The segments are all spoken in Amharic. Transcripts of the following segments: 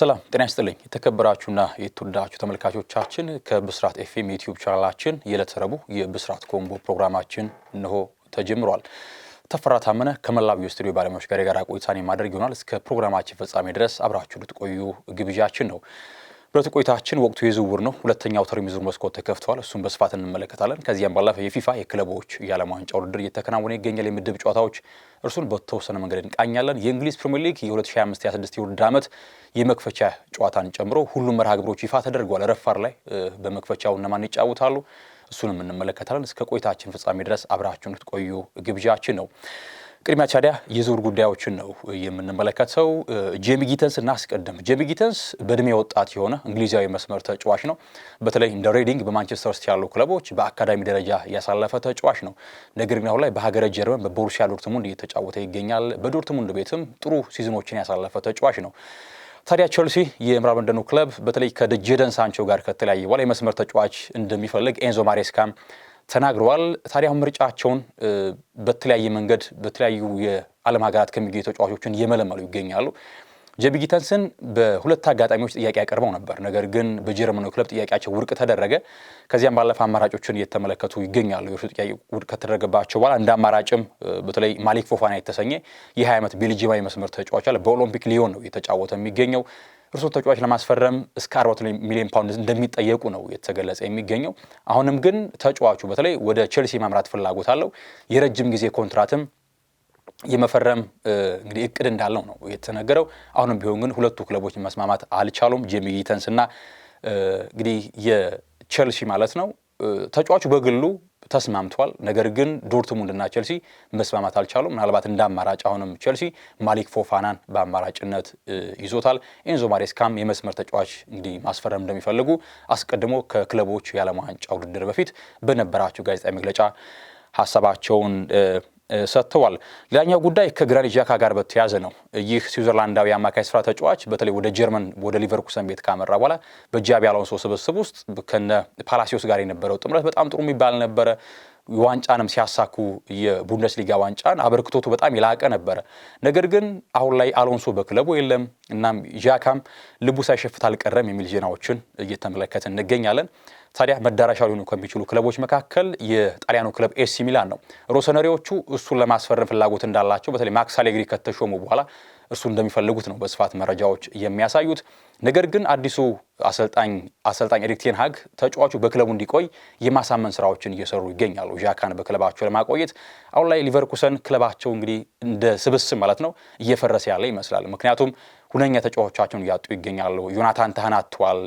ሰላም ጤና ይስጥልኝ የተከበራችሁና የተወደዳችሁ ተመልካቾቻችን ከብስራት ኤፍኤም ዩቲዩብ ቻናላችን የዕለተ ረቡዕ የብስራት ኮምቦ ፕሮግራማችን እንሆ ተጀምሯል። ተፈራ ታመነ ከመላው የስቱዲዮ ባለሙያዎች ጋር የጋራ ቆይታን ማድረግ ይሆናል። እስከ ፕሮግራማችን ፍጻሜ ድረስ አብራችሁ ልትቆዩ ግብዣችን ነው። ሁለት ቆይታችን ወቅቱ የዝውውር ነው። ሁለተኛው ተርም የዝውውር መስኮት ተከፍተዋል። እሱን በስፋት እንመለከታለን። ከዚያም ባለፈ የፊፋ የክለቦች የዓለም ዋንጫ ውድድር እየተከናወነ ይገኛል። የምድብ ጨዋታዎች እርሱን በተወሰነ መንገድ እንቃኛለን። የእንግሊዝ ፕሪምየር ሊግ የ2025/26 የውድድር ዓመት የመክፈቻ ጨዋታን ጨምሮ ሁሉም መርሃ ግብሮች ይፋ ተደርገዋል። ረፋር ላይ በመክፈቻው እነማን ይጫወታሉ? እሱንም እንመለከታለን። እስከ ቆይታችን ፍጻሜ ድረስ አብራችሁን ልትቆዩ ግብዣችን ነው። ቅድሚያ ታዲያ የዝውውር ጉዳዮችን ነው የምንመለከተው። ጄሚ ጊተንስ እናስቀድም። ጄሚ ጊተንስ በእድሜ ወጣት የሆነ እንግሊዛዊ መስመር ተጫዋች ነው። በተለይ እንደ ሬዲንግ በማንቸስተር ውስጥ ያሉ ክለቦች በአካዳሚ ደረጃ ያሳለፈ ተጫዋች ነው። ነገር ግን አሁን ላይ በሀገረ ጀርመን በቦሩሲያ ዶርትሙንድ እየተጫወተ ይገኛል። በዶርትሙንድ ቤትም ጥሩ ሲዝኖችን ያሳለፈ ተጫዋች ነው። ታዲያ ቸልሲ የምዕራብ ለንደኑ ክለብ በተለይ ከጀደን ሳንቾ ጋር ከተለያየ በኋላ የመስመር ተጫዋች እንደሚፈልግ ኤንዞ ማሬስካም ተናግረዋል። ታዲያ ምርጫቸውን በተለያየ መንገድ በተለያዩ የዓለም ሀገራት ከሚገኙ ተጫዋቾችን እየመለመሉ ይገኛሉ። ጄቢ ጊተንስን በሁለት አጋጣሚዎች ጥያቄ ያቀርበው ነበር። ነገር ግን በጀርመኑ ክለብ ጥያቄያቸው ውድቅ ተደረገ። ከዚያም ባለፈ አማራጮችን እየተመለከቱ ይገኛሉ። የእርሱ ጥያቄ ውድቅ ከተደረገባቸው በኋላ እንደ አማራጭም በተለይ ማሊክ ፎፋና የተሰኘ የ20 ዓመት መስመር ተጫዋች አለ። በኦሎምፒክ ሊዮን ነው እየተጫወተ የሚገኘው። እርሶ ተጫዋች ለማስፈረም እስከ 4 ሚሊዮን ፓውንድ እንደሚጠየቁ ነው የተገለጸ የሚገኘው። አሁንም ግን ተጫዋቹ በተለይ ወደ ቼልሲ ማምራት ፍላጎት አለው። የረጅም ጊዜ ኮንትራትም የመፈረም እንግዲህ እቅድ እንዳለው ነው የተነገረው። አሁንም ቢሆን ግን ሁለቱ ክለቦች መስማማት አልቻሉም። ጄሚ ጊተንስ እና እንግዲህ የቼልሲ ማለት ነው። ተጫዋቹ በግሉ ተስማምቷል። ነገር ግን ዶርትሙንድና ቸልሲ መስማማት አልቻሉም። ምናልባት እንደ አማራጭ አሁንም ቸልሲ ማሊክ ፎፋናን በአማራጭነት ይዞታል። ኤንዞ ማሬስካም የመስመር ተጫዋች እንግዲህ ማስፈረም እንደሚፈልጉ አስቀድሞ ከክለቦች የዓለም ዋንጫ ውድድር በፊት በነበራቸው ጋዜጣዊ መግለጫ ሀሳባቸውን ሰጥተዋል። ሌላኛው ጉዳይ ከግራኒት ዣካ ጋር በተያያዘ ነው። ይህ ስዊዘርላንዳዊ አማካይ ስፍራ ተጫዋች በተለይ ወደ ጀርመን ወደ ሊቨርኩሰን ቤት ካመራ በኋላ በጃቢ አሎንሶ ስብስብ ውስጥ ከነ ፓላሲዮስ ጋር የነበረው ጥምረት በጣም ጥሩ የሚባል ነበረ። ዋንጫንም ሲያሳኩ የቡንደስሊጋ ዋንጫን አበርክቶቱ በጣም የላቀ ነበረ። ነገር ግን አሁን ላይ አሎንሶ በክለቡ የለም፣ እናም ዣካም ልቡ ሳይሸፍት አልቀረም የሚል ዜናዎችን እየተመለከትን እንገኛለን። ታዲያ መዳረሻ ሊሆኑ ከሚችሉ ክለቦች መካከል የጣሊያኑ ክለብ ኤሲ ሚላን ነው። ሮሰነሪዎቹ እሱን ለማስፈረም ፍላጎት እንዳላቸው በተለይ ማክስ አሌግሪ ከተሾሙ በኋላ እርሱ እንደሚፈልጉት ነው በስፋት መረጃዎች የሚያሳዩት። ነገር ግን አዲሱ አሰልጣኝ አሰልጣኝ ኤሪክ ቴን ሃግ ተጫዋቹ በክለቡ እንዲቆይ የማሳመን ስራዎችን እየሰሩ ይገኛሉ። ዣካን በክለባቸው ለማቆየት አሁን ላይ ሊቨርኩሰን ክለባቸው እንግዲህ እንደ ስብስብ ማለት ነው እየፈረሰ ያለ ይመስላል። ምክንያቱም ሁነኛ ተጫዋቾቻቸውን እያጡ ይገኛሉ። ዮናታን ታህን አጥቷል።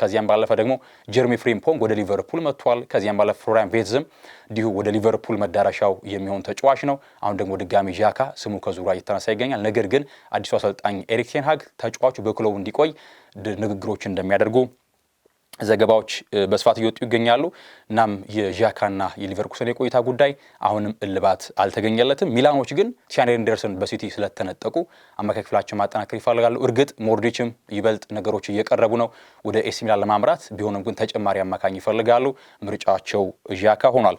ከዚያም ባለፈ ደግሞ ጀርሚ ፍሪምፖንግ ወደ ሊቨርፑል መጥቷል። ከዚያም ባለፈ ፍሎሪያን ቬትዝም እንዲሁ ወደ ሊቨርፑል መዳረሻው የሚሆን ተጫዋች ነው። አሁን ደግሞ ድጋሚ ዣካ ስሙ ከዙራ እየተነሳ ይገኛል። ነገር ግን አዲሱ አሰልጣኝ ኤሪክ ቴንሃግ ተጫዋቹ በክለቡ እንዲቆይ ንግግሮች እንደሚያደርጉ ዘገባዎች በስፋት እየወጡ ይገኛሉ። እናም የዣካና የሊቨርኩሰን የቆይታ ጉዳይ አሁንም እልባት አልተገኘለትም። ሚላኖች ግን ቲያን ኤንደርሰን በሲቲ ስለተነጠቁ አማካይ ክፍላቸው ማጠናከር ይፈልጋሉ። እርግጥ ሞድሪችም ይበልጥ ነገሮች እየቀረቡ ነው ወደ ኤሲ ሚላን ለማምራት ቢሆንም ግን ተጨማሪ አማካኝ ይፈልጋሉ። ምርጫቸው ዣካ ሆኗል።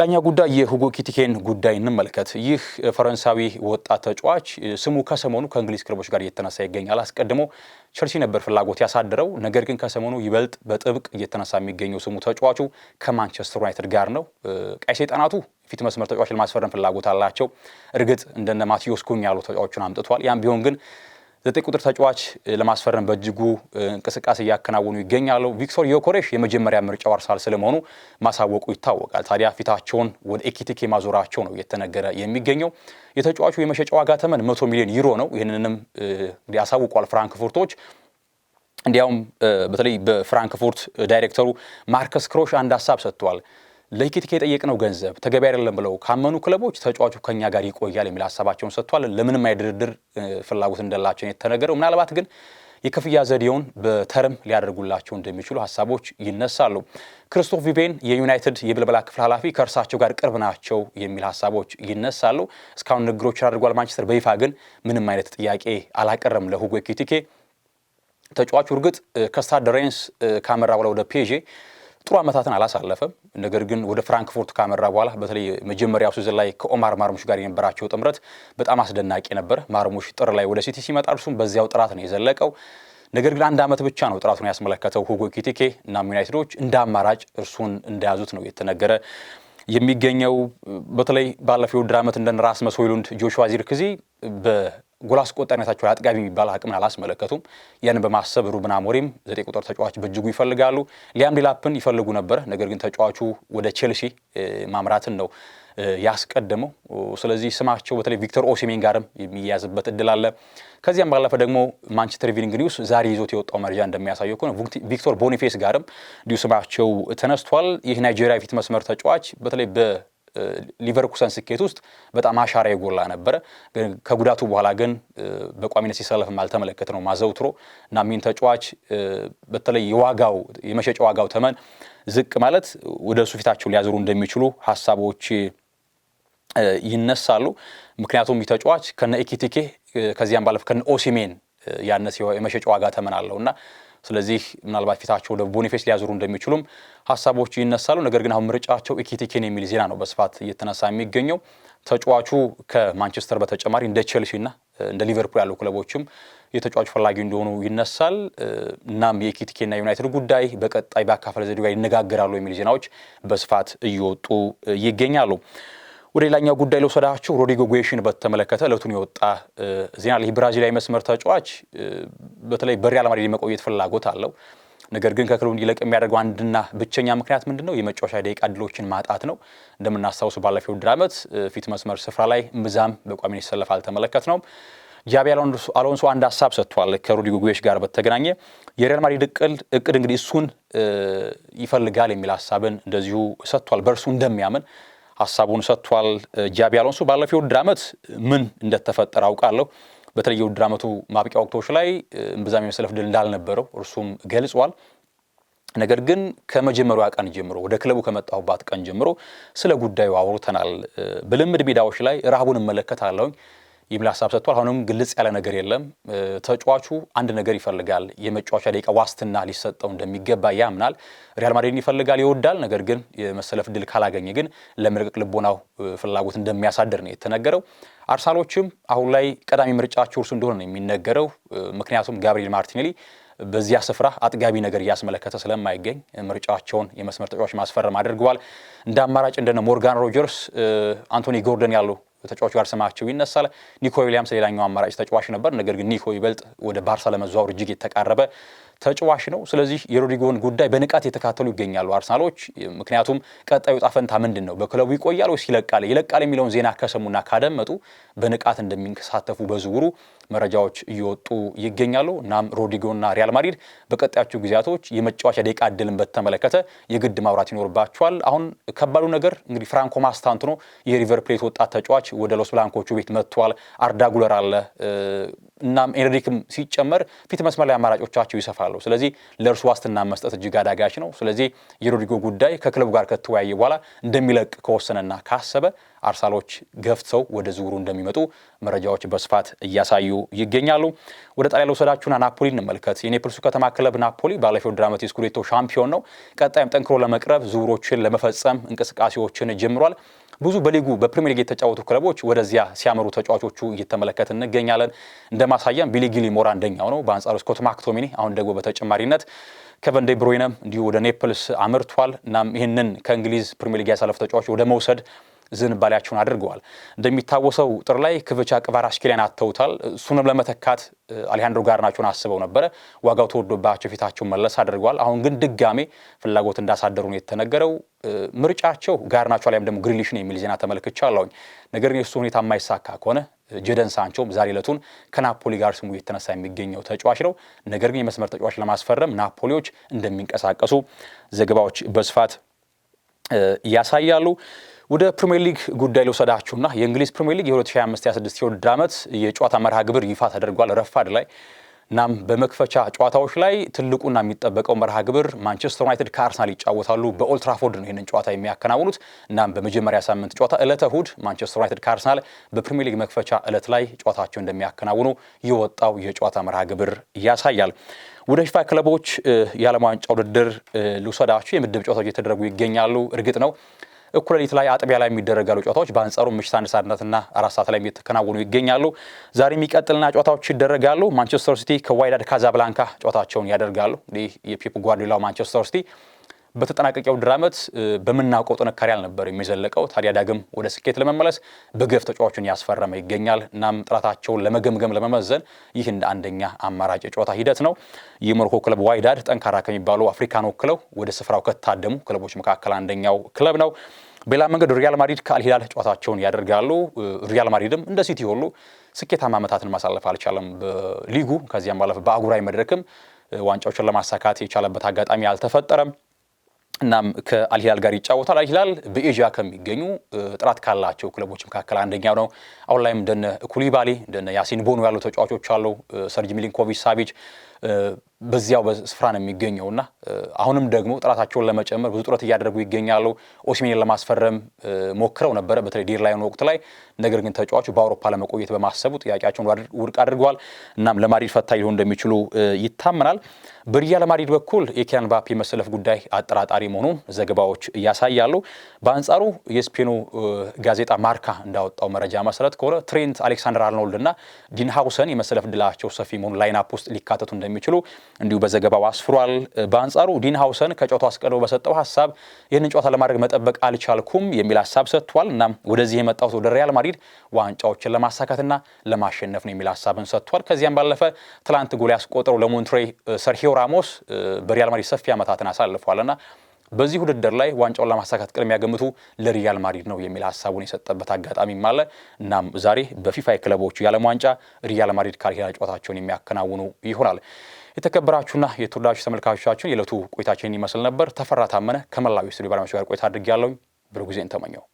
ላኛ ጉዳይ የሁጎ ኪቲኬን ጉዳይ እንመልከት። ይህ ፈረንሳዊ ወጣት ተጫዋች ስሙ ከሰሞኑ ከእንግሊዝ ክለቦች ጋር እየተነሳ ይገኛል። አስቀድሞ ቸልሲ ነበር ፍላጎት ያሳደረው። ነገር ግን ከሰሞኑ ይበልጥ በጥብቅ እየተነሳ የሚገኘው ስሙ ተጫዋቹ ከማንቸስተር ዩናይትድ ጋር ነው። ቀይ ሰይጣናቱ ፊት መስመር ተጫዋች ለማስፈረም ፍላጎት አላቸው። እርግጥ እንደነ ማቴዎስ ኩኝ ያሉ ተጫዋቹን አምጥቷል። ያም ቢሆን ግን ዘጠኝ ቁጥር ተጫዋች ለማስፈረም በእጅጉ እንቅስቃሴ እያከናወኑ ይገኛሉ። ቪክቶር ዮኮሬሽ የመጀመሪያ ምርጫው አርሰናል ስለመሆኑ ማሳወቁ ይታወቃል። ታዲያ ፊታቸውን ወደ ኤኪቲኬ ማዞራቸው ነው እየተነገረ የሚገኘው። የተጫዋቹ የመሸጫ ዋጋ ተመን መቶ ሚሊዮን ዩሮ ነው። ይህንንም እንግዲህ አሳውቋል ፍራንክፉርቶች እንዲያውም በተለይ በፍራንክፉርት ዳይሬክተሩ ማርከስ ክሮሽ አንድ ሀሳብ ሰጥተዋል። ለሂኪቲኬ የጠየቅነው ገንዘብ ተገቢ አይደለም ብለው ካመኑ ክለቦች ተጫዋቹ ከኛ ጋር ይቆያል የሚል ሀሳባቸውን ሰጥቷል። ለምንም ድርድር ፍላጎት እንደላቸው የተነገረው ምናልባት ግን የክፍያ ዘዴውን በተርም ሊያደርጉላቸው እንደሚችሉ ሀሳቦች ይነሳሉ። ክርስቶፍ ቪቤን የዩናይትድ የብልበላ ክፍል ኃላፊ ከእርሳቸው ጋር ቅርብ ናቸው የሚል ሀሳቦች ይነሳሉ። እስካሁን ንግግሮችን አድርጓል ማንቸስተር። በይፋ ግን ምንም አይነት ጥያቄ አላቀረም ለሁጎ ኪቲኬ ተጫዋቹ እርግጥ ከስታድ ሬንስ ካመራ ብላ ወደ ፔዤ ጥሩ ዓመታትን አላሳለፈም። ነገር ግን ወደ ፍራንክፉርት ካመራ በኋላ በተለይ መጀመሪያው ሲዝን ላይ ከኦማር ማርሙሽ ጋር የነበራቸው ጥምረት በጣም አስደናቂ ነበር። ማርሙሽ ጥር ላይ ወደ ሲቲ ሲመጣ እርሱም በዚያው ጥራት ነው የዘለቀው። ነገር ግን አንድ ዓመት ብቻ ነው ጥራቱን ያስመለከተው ሁጎ ኪቲኬ እናም ዩናይትዶች እንደ አማራጭ እርሱን እንደያዙት ነው የተነገረ የሚገኘው በተለይ ባለፈው ውድድር ዓመት እንደነ ራስመስ ሆይሉንድ፣ ጆሹዋ ዚርክዚ ጎል አስቆጣሪነታቸው አጥጋቢ የሚባል አቅምን አላስመለከቱም። ያን በማሰብ ሩበን አሞሪም ዘጠኝ ቁጥር ተጫዋች በእጅጉ ይፈልጋሉ። ሊያም ዴላፕን ይፈልጉ ነበር፣ ነገር ግን ተጫዋቹ ወደ ቼልሲ ማምራትን ነው ያስቀደመው። ስለዚህ ስማቸው በተለይ ቪክተር ኦሲሜን ጋርም የሚያያዝበት እድል አለ። ከዚያም ባለፈ ደግሞ ማንቸስተር ኢቪኒንግ ኒውስ ዛሬ ይዞት የወጣው መረጃ እንደሚያሳየው ከሆነ ቪክቶር ቦኒፌስ ጋርም እንዲሁ ስማቸው ተነስቷል። ይህ ናይጄሪያ ፊት መስመር ተጫዋች በተለይ ሊቨርኩሰን ስኬት ውስጥ በጣም አሻራ የጎላ ነበረ። ከጉዳቱ በኋላ ግን በቋሚነት ሲሰለፍም አልተመለከት ነው ማዘውትሮ እና ሚን ተጫዋች በተለይ የዋጋው የመሸጫ ዋጋው ተመን ዝቅ ማለት ወደ እሱ ፊታቸው ሊያዝሩ እንደሚችሉ ሀሳቦች ይነሳሉ። ምክንያቱም ይህ ተጫዋች ከነ ኢኪቲኬ ከዚያም ባለፍ ከነ ኦሲሜን ያነሰ የመሸጫ ዋጋ ተመን አለው እና ስለዚህ ምናልባት ፊታቸው ወደ ቦኒፌስ ሊያዞሩ እንደሚችሉም ሀሳቦቹ ይነሳሉ። ነገር ግን አሁን ምርጫቸው ኢኬቲኬን የሚል ዜና ነው በስፋት እየተነሳ የሚገኘው። ተጫዋቹ ከማንቸስተር በተጨማሪ እንደ ቼልሲና እንደ ሊቨርፑል ያሉ ክለቦችም የተጫዋቹ ፈላጊ እንደሆኑ ይነሳል። እናም የኢኬቲኬና ዩናይትድ ጉዳይ በቀጣይ በአካፈለ ዘዴ ጋር ይነጋገራሉ የሚል ዜናዎች በስፋት እየወጡ ይገኛሉ። ወደ ሌላኛው ጉዳይ ለውሰዳችሁ ሮድሪጎ ጉዬሽን በተመለከተ ዕለቱን የወጣ ዜና ይህ ብራዚላዊ መስመር ተጫዋች በተለይ በሪያል ማድሪድ የመቆየት ፍላጎት አለው። ነገር ግን ከክለቡ እንዲለቅ የሚያደርገው አንድና ብቸኛ ምክንያት ምንድን ነው? የመጫወቻ ደቂቃ ዕድሎችን ማጣት ነው። እንደምናስታውሱ ባለፈው ውድድር ዓመት ፊት መስመር ስፍራ ላይ ምዛም በቋሚ ሲሰለፍ አልተመለከት ነው። ጃቢ አሎንሶ አንድ ሀሳብ ሰጥቷል። ከሮድሪጎ ጉዬሽ ጋር በተገናኘ የሪያል ማድሪድ እቅድ እንግዲህ እሱን ይፈልጋል የሚል ሀሳብን እንደዚሁ ሰጥቷል። በእርሱ እንደሚያምን ሀሳቡን ሰጥቷል። ጃቢ አሎንሶ ባለፈው ውድድር ዓመት ምን እንደተፈጠረ አውቃለሁ። በተለይ የውድድር ዓመቱ ማብቂያ ወቅቶች ላይ እምብዛም የመሰለፍ ድል እንዳልነበረው እርሱም ገልጿል። ነገር ግን ከመጀመሪያ ቀን ጀምሮ ወደ ክለቡ ከመጣሁባት ቀን ጀምሮ ስለ ጉዳዩ አውርተናል። በልምድ ሜዳዎች ላይ ረሃቡን እመለከታለሁኝ የሚል ሀሳብ ሰጥቷል። አሁንም ግልጽ ያለ ነገር የለም። ተጫዋቹ አንድ ነገር ይፈልጋል። የመጫወቻ ደቂቃ ዋስትና ሊሰጠው እንደሚገባ ያምናል። ሪያል ማድሪድን ይፈልጋል፣ ይወዳል። ነገር ግን የመሰለፍ ድል ካላገኘ ግን ለመልቀቅ ልቦናው ፍላጎት እንደሚያሳድር ነው የተነገረው። አርሰናሎችም አሁን ላይ ቀዳሚ ምርጫቸው እርሱ እንደሆነ ነው የሚነገረው። ምክንያቱም ጋብሪኤል ማርቲኔሊ በዚያ ስፍራ አጥጋቢ ነገር እያስመለከተ ስለማይገኝ ምርጫቸውን የመስመር ተጫዋች ማስፈረም አድርገዋል። እንደ አማራጭ እንደነ ሞርጋን ሮጀርስ፣ አንቶኒ ጎርደን ያሉ ተጫዋቹ ስማቸው ይነሳል። ኒኮ ዊሊያምስ ሌላኛው አማራጭ ተጫዋች ነበር። ነገር ግን ኒኮ ይበልጥ ወደ ባርሳ ለመዘዋወር እጅግ የተቃረበ ተጫዋች ነው። ስለዚህ የሮድሪጎን ጉዳይ በንቃት የተካተሉ ይገኛሉ አርሰናሎች። ምክንያቱም ቀጣዩ ጣፈንታ ምንድን ነው? በክለቡ ይቆያል ወይስ ይለቃል? ይለቃል የሚለውን ዜና ከሰሙና ካደመጡ በንቃት እንደሚንከሳተፉ በዝውሩ መረጃዎች እየወጡ ይገኛሉ። እናም ሮድሪጎና ሪያል ማድሪድ በቀጣዮቹ ጊዜያቶች የመጫወቻ ደቂቃ እድልን በተመለከተ የግድ ማውራት ይኖርባቸዋል። አሁን ከባዱ ነገር እንግዲህ ፍራንኮ ነው። የሪቨር ፕሌት ወጣት ተጫዋች ወደ ሎስ ብላንኮቹ ቤት መጥቷል። አርዳ ጉለር አለ እናም ኤንሪክም ሲጨመር ፊት መስመር ላይ አማራጮቻቸው ይሰፋሉ። ስለዚህ ለእርሱ ዋስትና መስጠት እጅግ አዳጋች ነው። ስለዚህ የሮድሪጎ ጉዳይ ከክለቡ ጋር ከተወያየ በኋላ እንደሚለቅ ከወሰነና ካሰበ አርሳሎች ገፍተው ወደ ዝውውሩ እንደሚመጡ መረጃዎች በስፋት እያሳዩ ይገኛሉ። ወደ ጣሊያን ልውሰዳችሁና ናፖሊ እንመልከት። የኔፕልሱ ከተማ ክለብ ናፖሊ ባለፈው ውድድር ዓመት የስኩዴቶ ሻምፒዮን ነው። ቀጣይም ጠንክሮ ለመቅረብ ዝውውሮችን ለመፈጸም እንቅስቃሴዎችን ጀምሯል። ብዙ በሊጉ በፕሪሚየር ሊግ የተጫወቱ ክለቦች ወደዚያ ሲያመሩ ተጫዋቾቹ እየተመለከት እንገኛለን። እንደማሳያም ቢሊ ጊልሞር አንደኛው ነው። በአንጻሩ ስኮት ማክቶሚኒ አሁን ደግሞ በተጨማሪነት ከቨን ብሮይነም እንዲሁ ወደ ኔፕልስ አምርቷል። እናም ይህንን ከእንግሊዝ ፕሪሚየር ሊግ ያሳለፉ ተጫዋች ወደ መውሰድ ዝንባሌያቸውን አድርገዋል። እንደሚታወሰው ጥር ላይ ክቭቻ ቅቫራሽ ኪሊያን አተውታል። እሱንም ለመተካት አሌሃንድሮ ጋርናቾን አስበው ነበረ። ዋጋው ተወዶባቸው ፊታቸውን መለስ አድርገዋል። አሁን ግን ድጋሜ ፍላጎት እንዳሳደሩ ነው የተነገረው። ምርጫቸው ጋርናቾ አሊያም ደግሞ ግሪሊሽን የሚል ዜና አለውኝ። ነገር ግን የእሱ ሁኔታ የማይሳካ ከሆነ ጀደን ሳንቾም ዛሬ ዕለቱን ከናፖሊ ጋር ስሙ እየተነሳ የሚገኘው ተጫዋች ነው። ነገር ግን የመስመር ተጫዋች ለማስፈረም ናፖሊዎች እንደሚንቀሳቀሱ ዘገባዎች በስፋት ያሳያሉ። ወደ ፕሪምየር ሊግ ጉዳይ ልውሰዳችሁና የእንግሊዝ ፕሪምየር ሊግ የ2025/26 የውድድር ዓመት የጨዋታ መርሃ ግብር ይፋ ተደርጓል ረፋድ ላይ። እናም በመክፈቻ ጨዋታዎች ላይ ትልቁና የሚጠበቀው መርሃ ግብር ማንቸስተር ዩናይትድ ከአርሰናል ይጫወታሉ። በኦልትራፎርድ ነው ይህንን ጨዋታ የሚያከናውኑት። እናም በመጀመሪያ ሳምንት ጨዋታ ዕለተ እሁድ ማንቸስተር ዩናይትድ ከአርሰናል በፕሪሚየር ሊግ መክፈቻ ዕለት ላይ ጨዋታቸው እንደሚያከናውኑ የወጣው የጨዋታ መርሃ ግብር ያሳያል። ወደ ፊፋ ክለቦች የዓለም ዋንጫ ውድድር ልውሰዳችሁ። የምድብ ጨዋታዎች እየተደረጉ ይገኛሉ። እርግጥ ነው እኩለ ሌሊት ላይ አጥቢያ ላይ የሚደረግ ያሉ ጨዋታዎች በአንጻሩ ምሽት አንድ ሰዓትና አራት ሰዓት ላይ የተከናወኑ ይገኛሉ። ዛሬ የሚቀጥልና ጨዋታዎች ይደረጋሉ። ማንቸስተር ሲቲ ከዋይዳድ ካዛብላንካ ጨዋታቸውን ያደርጋሉ። እንግዲህ የፔፕ ጓርዲዮላው ማንቸስተር ሲቲ በተጠናቀቀው ድር ዓመት በምናውቀው ጥንካሬ አልነበር የሚዘለቀው። ታዲያ ዳግም ወደ ስኬት ለመመለስ በገፍ ተጫዋቾችን ያስፈረመ ይገኛል። እናም ጥራታቸውን ለመገምገም ለመመዘን ይህ እንደ አንደኛ አማራጭ የጨዋታ ሂደት ነው። የሞሮኮ ክለብ ዋይዳድ ጠንካራ ከሚባሉ አፍሪካን ወክለው ወደ ስፍራው ከታደሙ ክለቦች መካከል አንደኛው ክለብ ነው። በሌላ መንገድ ሪያል ማድሪድ ከአልሂላል ጨዋታቸውን ያደርጋሉ። ሪያል ማድሪድም እንደ ሲቲ ሁሉ ስኬታማ ዓመታትን ማሳለፍ አልቻለም በሊጉ ከዚያም ባለፈ በአጉራዊ መድረክም ዋንጫዎችን ለማሳካት የቻለበት አጋጣሚ አልተፈጠረም። እናም ከአልሂላል ጋር ይጫወታል። አልሂላል በኤዥያ ከሚገኙ ጥራት ካላቸው ክለቦች መካከል አንደኛው ነው። አሁን ላይም እንደነ ኩሊባሊ እንደነ ያሲን ቦኖ ያሉ ተጫዋቾች አሉ። ሰርጅ ሚሊንኮቪች ሳቪች በዚያው ስፍራ ነው የሚገኘውና አሁንም ደግሞ ጥራታቸውን ለመጨመር ብዙ ጥረት እያደረጉ ይገኛሉ። ኦስሜንን ለማስፈረም ሞክረው ነበረ በተለይ ዴድላይን ወቅት ላይ። ነገር ግን ተጫዋቹ በአውሮፓ ለመቆየት በማሰቡ ጥያቄያቸውን ውድቅ አድርገዋል። እናም ለማድሪድ ፈታኝ ሊሆን እንደሚችሉ ይታመናል። በሪያል ማድሪድ በኩል የኪያን ምባፔ መሰለፍ ጉዳይ አጠራጣሪ መሆኑን ዘገባዎች ያሳያሉ። በአንጻሩ የስፔኑ ጋዜጣ ማርካ እንዳወጣው መረጃ መሰረት ከሆነ ትሬንት አሌክሳንደር አርኖልድ እና ዲን የመሰለፍ ድላቸው ሰፊ መሆኑ ላይናፕ ውስጥ ሊካተቱ እንደሚ እንደሚችሉ እንዲሁ በዘገባው አስፍሯል። በአንጻሩ ዲን ሀውሰን ከጨዋታው አስቀድሞ በሰጠው ሀሳብ ይህንን ጨዋታ ለማድረግ መጠበቅ አልቻልኩም የሚል ሀሳብ ሰጥቷል። እናም ወደዚህ የመጣሁት ወደ ሪያል ማድሪድ ዋንጫዎችን ለማሳካትና ለማሸነፍ ነው የሚል ሀሳብን ሰጥቷል። ከዚያም ባለፈ ትላንት ጎል ያስቆጠረው ለሞንትሬ ሰርሂዮ ራሞስ በሪያል ማድሪድ ሰፊ ዓመታትን አሳልፏልና በዚህ ውድድር ላይ ዋንጫውን ለማሳካት ቅድሚያ ገምቱ ለሪያል ማድሪድ ነው የሚል ሀሳቡን የሰጠበት አጋጣሚም አለ። እናም ዛሬ በፊፋ የክለቦቹ የዓለም ዋንጫ ሪያል ማድሪድ ካሪራ ጨዋታቸውን የሚያከናውኑ ይሆናል። የተከበራችሁና የተወዳችሁ ተመልካቾቻችን የዕለቱ ቆይታችን ይመስል ነበር። ተፈራ ታመነ ከመላዊ ስቱዲዮ ባለሙያዎች ጋር ቆይታ አድርጌ ያለውኝ ብሩ ጊዜን ተመኘው።